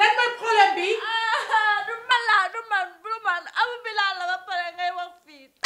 lan mooy problème bi. Ah, du man laa du Abu Bilal la apa pare ngay wax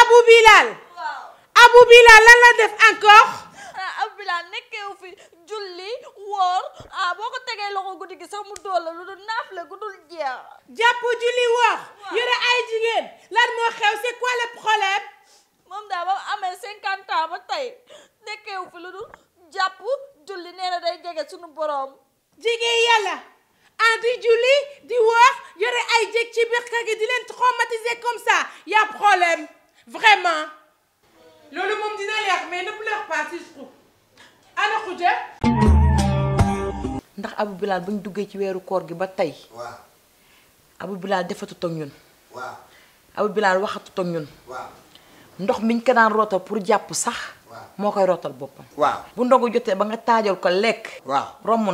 Abu Bilal. waaw Abu Bilal lan la def encore. Ah, Abu Bilal nekkeewu ufi julli woor ah boo ko tegee loxo guddi gi sax mu dool la lu dul naaf la gudul jeex. jàpp julli woor. yore ay jigéen lan moo xew c'est quoi le problème. moom daal ba amee ans ba tey nekkeewu fi lu dul julli nee day jege sunu borom. jigéen yàlla. Iya ah Julie, julli di wax ay ci comme ça Il y a problème vraiment le monde dina mais ne pleure pas si je trouve ana xuja ndax Abou Bilal ba ñu ci koor gi ba Abou Bilal ñun Bilal ñun ndox pour sax fait tout bu ndogu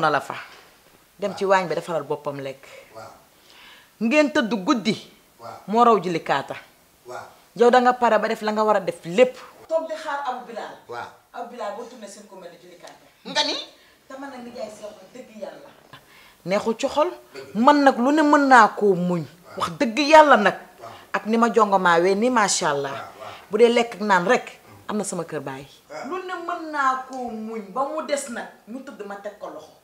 la dem ci wañ bi defaral boppam lekk ngeen tëdd guddi mo raw ji li kaata yow da nga para ba def la nga wara def lepp tok di xaar abu bilal. waaw abu bilal bo tourné seen commune julli kaata nga ni dama nak ni jay sopp deug yalla nexu ci xol man nak lu ne man naa koo muñ wax deug yalla nak ak ni ma we ni machallah budé lek ak rek amna sama kër bay lu ne man naa koo muñ ba mu dess nak ñu tudd ma tek ko loxo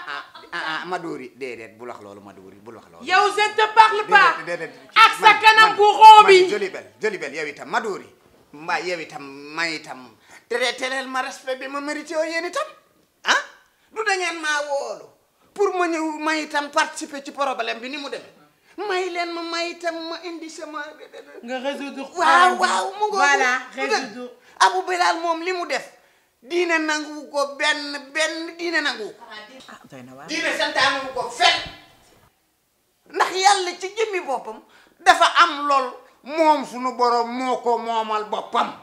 ah ah ma dóori déedéet bul wax lolou ma dóori wax loolu. yow je te parle pas. déedéet ak sa kanam bu xoo bi joli bel joli bel yow itam ma dóori. mbaa yow itam ma itam tere terel ma respect bi ma mérite oo yéen itam ah du da ngeen maa woolu pour ma ñëw ma itam participer ci problème bi ni mu dem may len ma may itam ma indi sama. nga résoudre waaw waaw mu ngoog voilà résoudre Abou Bilal mom li mu def. diine nanguwu ko benn benn diine nanguwu ko ah, diine ah, santaanuwu ko fenn ndax yàlla ci jëmmi boppam dafa am lool moom sunu boroom moo ko moomal boppam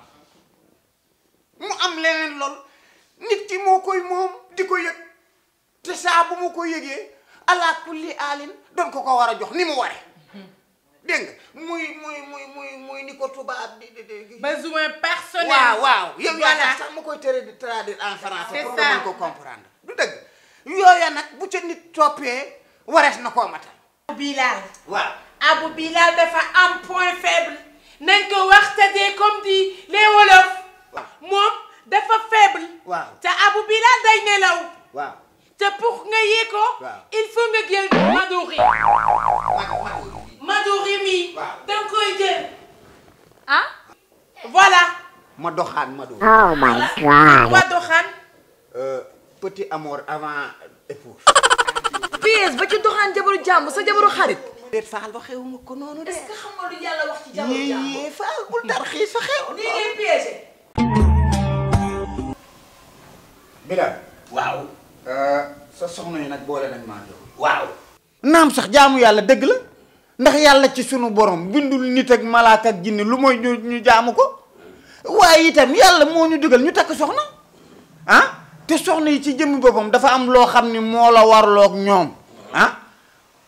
mu am leneen lool nit ki moo koy moom di ko yëg te saa bu ko yëgee alaa kulli aalin doon ko ko war a jox ni mu ware Deng, nga muy muy muy muy muy ni ko tubaab di di besoin personnel. waaw waaw yo yaa tax sax ma koy tere di traduire en français. pour nga mën ko comprendre yo dëgg. yooya nag bu ca nit toppee warees na koo matal. Abu Bilal. waaw Abu Bilal dafa am point faible nañ ko waxtaanee comme dit, les wolof. waaw moom dafa faible. waaw te Abu Bilal day nelaw. waaw te pour nga yee ko. il faut nga jël Maduri. ma doxaan ma doon. oh my god. Euh, avant épouse. PS ba sa jabaru xarit. ko noonu sa xew. nii euh, nag boole nañ naam sax jaamu yàlla dëgg la. ndax yàlla ci sunu borom bindul nit ak malaaka ak jinne lu mooy ñu jaamu ko. waaye itam yàlla moo ñu dugal ñu takk soxna ah te soxna yi ci jëmmi boppam dafa am loo xam ni moo la warloog ñoom ah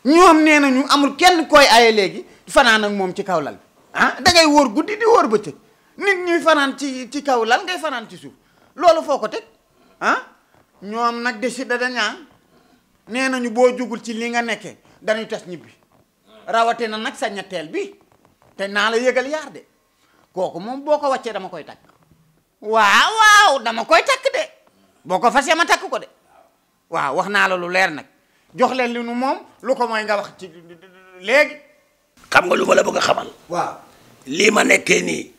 ñoom nee nañu amul kenn koy aye léegi fanaan ak moom ci kaw lal ah da ngay wóor guddi di wóor bëccëg nit ñuy fanaan ci ci kaw lal ngay fanaan ci suuf loolu foo ko teg ah ñoom nag de si da dañaa nee nañu boo jugul ci li nga nekkee dañuy tas ñibbi rawate na nag sa ñetteel bi te naa la yëgal yaar de kooku moom boo ko wàccee dama koy takk waaw waaw dama koy takk de boo ko fasee ma takk ko de waaw wax naa la lu leer nag jox leen li nu moom lu ko mooy nga wax ci léegi xam nga lu ma la bëgg a xamal waaw lii ma nekkee nii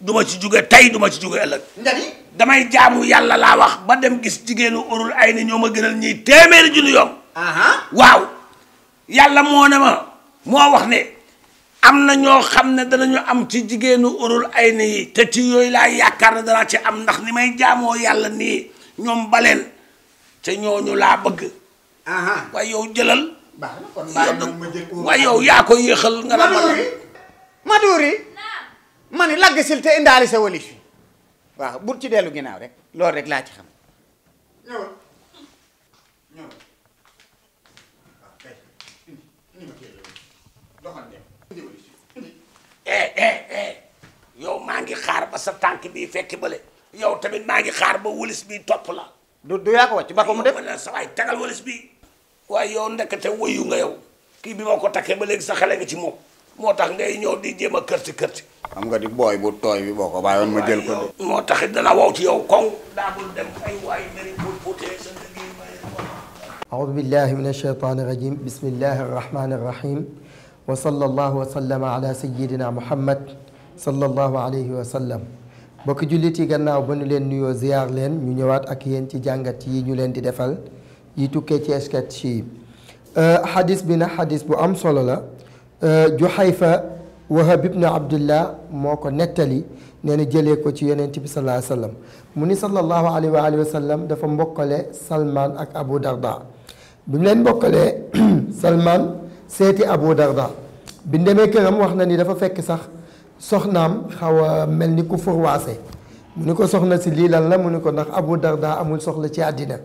duma ma ci jóge tey duma ma ci jóge ëllëg ndari damay jaamu yàlla laa wax ba dem gis jigéenu urul ay ni ñoo ma gënal ñiy téeméeri junni yoon waaw yàlla moo ne ma moo wax ne am na ñoo xam ne danañu am ci jigéenu ërul ay ni yi te ci yooyu laa yaakaar ne dana ci am ndax ni may jaamoo yàlla nii ñoom baleen te ñooñu laa bëgg. waaye yow jëlal. yow yaa ko yéexal. nga la maduuri maduuri ma ni te indaali sa waaw bu ci dellu ginaaw rek loolu rek laa ci xam. eh eh eh yow maa ngi xaar ba sa tànk bii fekki bale yow tamit maa ngi xaar ba wëlis bi topp la. du du yaa ko wàcc ba ko mu dem yow sa waay tagal wëlis bi waaye yow ndekete woyu nga yow kii bi ma ko takkee ba léegi sa xale nga ci moom moo tax ngay ñëw di jéem a kërti kërti. xam nga di booy bu tooy bi boo ko bàyyoon ma jël ko de. moo tax it dana wow ci yow koŋ. daabul dem ay waay mari pour puutee sa liggéey. aoudu billahi min acheytaani rajim bismillahi rahmaani rahim. وصلى الله وسلم على سيدنا محمد صلى الله عليه وسلم بوك جوليتي غناو بون لين نيو زيار لين ني نيوات اك يين تي جانغات يي ني لين دي ديفال يي توكي تي اسكات شي أه حديث بنا حديث بو ام صولو لا أه وهب ابن عبد الله موكو نتالي نين جيلي كو تي يونس تي صلى الله عليه وسلم موني صلى الله عليه واله وسلم دا فا سلمان اك ابو دردا بيم لين سلمان seeti Abu Darda bi demee këram wax na ni dafa fekk sax soxnaam xaw a mel ni ku furwaase mu ni ko soxna si lii lan la mu ni ko ndax Abu Darda amul soxla ci àddina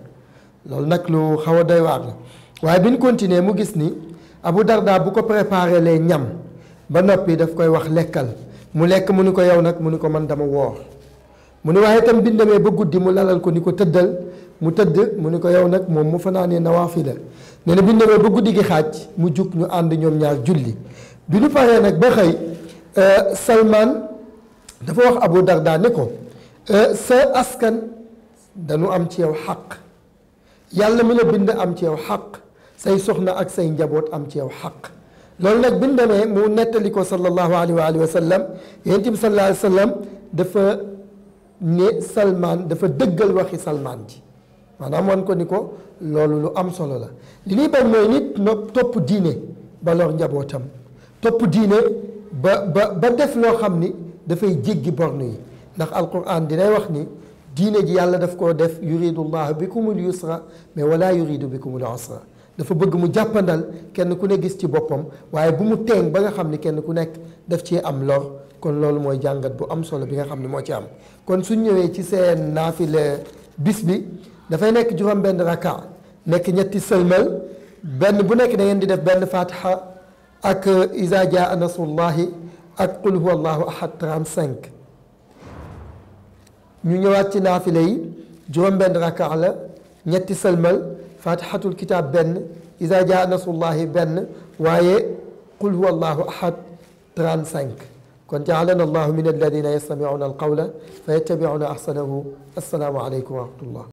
loolu nag lu xaw a doy waar la waaye bi continuer mu gis ni Abu Darda bu ko préparé les ñam ba noppi daf koy wax lekkal mu lekk mu ni ko yow nag mu ni ko man dama woor mu ni waaye itam bi ñu demee ba guddi mu lalal ko ni ko tëddal mu tëdd mu ni ko yow nag moom mu fanaanee nawaafila nee na bi demee ba guddi gi xaaj mu jug ñu ànd ñoom ñaar julli bi ñu paree nag ba xëy Salman dafa wax Abu Darda ne ko sa askan dañu am ci yow xaq yàlla mi la bind am ci yow xaq say soxna ak say njaboot am ci yow xaq loolu nag bi mu demee mu nettali ko sallallahu alayhi wa sallam yonent bi sallallahu alayhi wa sallam dafa ne Salman dafa dëggal waxi Salman ji maanaam wan ko ni ko loolu lu am solo la li ñuy bañ mooy nit no topp diine ba lor njabootam topp diine ba ba ba def loo xam ni dafay jéggi born yi ndax alquran dinay wax ni diine ji yàlla daf koo def yuridu llahu bikumul yusra mais wala yuridu bikumul usra dafa bëgg mu jàppandal kenn ku ne gis ci boppam waaye bu mu teeñ ba nga xam ni kenn ku nekk daf ci am lor kon loolu mooy jàngat bu am solo bi nga xam ne moo ci am kon suñ ñëwee ci seen naafile bis bi dafay nekk juróom benn raka nekk ñetti sëlmal benn bu nekk da ngeen di def benn fatiha ak isa jaa nasrullahi ak qul huwa allahu ahad 35 ñu ñëwaat ci naafile yi juróom benn raka la ñetti sëlmal fatihatul kitab benn isa jaa nasrullahi benn waaye qul huwa allahu ahad 35 kon jaalana allahu min alladina yastamiuna alqawla fayattabiuna ahsanahu assalaamu aleykum wa rahmatullah